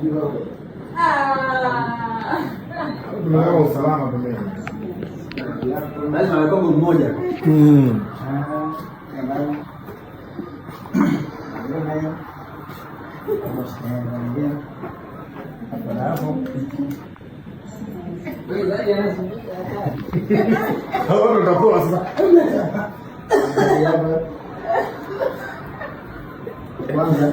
kidogo. Tunaweka usalama pembeni. Lazima awekombe mmoja. Mm. Utakuwa sasa kwanza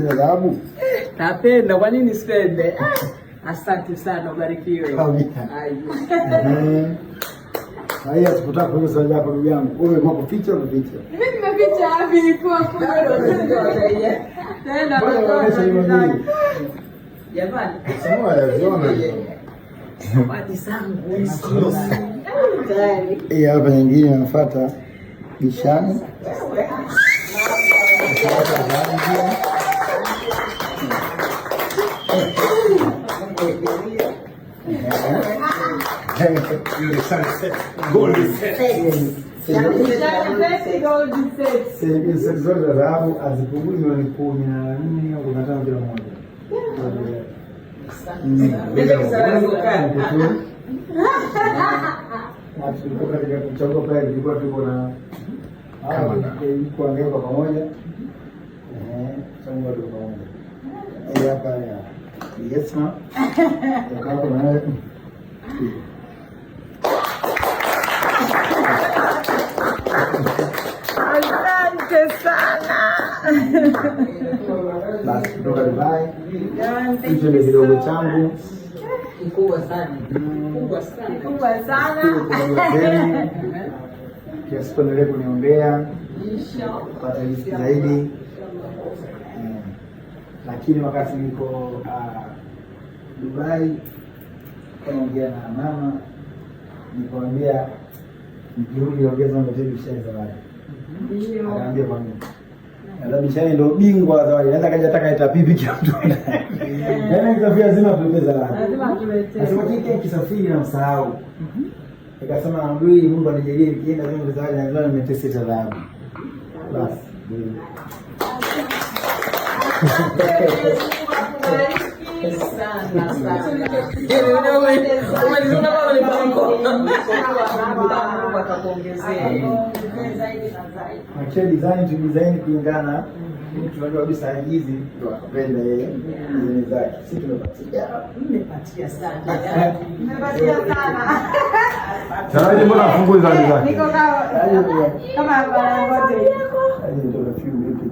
na dhahabu. Napenda, kwa nini sipende? Ah, asante sana, ubarikiwe. Haya, sikutaka kuuza hapa ndugu yangu. Wewe kwa kuficha na ficha. Mimi nimeficha hapo ilikuwa kwa. Jamani, sema ya zona. Mati zangu hizo. Tayari. Eh, hapa nyingine nafuata Bishani zote za dhahabu azipungui milioni kumi na nne au kumi na tano kila moja. katika kuchagua pale, tulikuwa tuko na kuangalia kwa pamoja Mungu Asante sana. kidogo changu kikubwa sana. Mm. Kiasi kwa kuniombea. Inshallah. Pata zaidi lakini wakati niko uh, Dubai kaongea na mama nikamwambia mjuri ongeza ngotee bishani zawadi. Akaambia kwa nini? Ndio bishani ndio bingwa zawadi. Naweza kaja taka ita pipi kila mtu. Yaani kisafiri lazima tuletee zawadi. Lazima tuletee. Nasema kiki kisafiri na msahau. Mhm. Nikasema amri Mungu anijalie nikienda zangu zawadi na ndio nimetesa tadhabu. Basi design kulingana tunajua kabisa hizi ndio akapenda yeye design zake, si tumepatia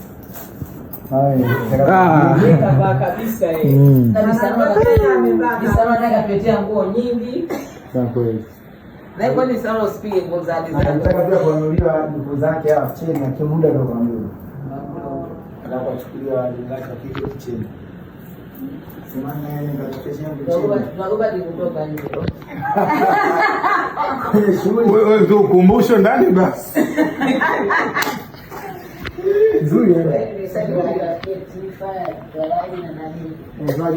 kabisa nguo nyingi usipige nguo zake hapa chini, akimuda ukumbusho ndani basi nzuri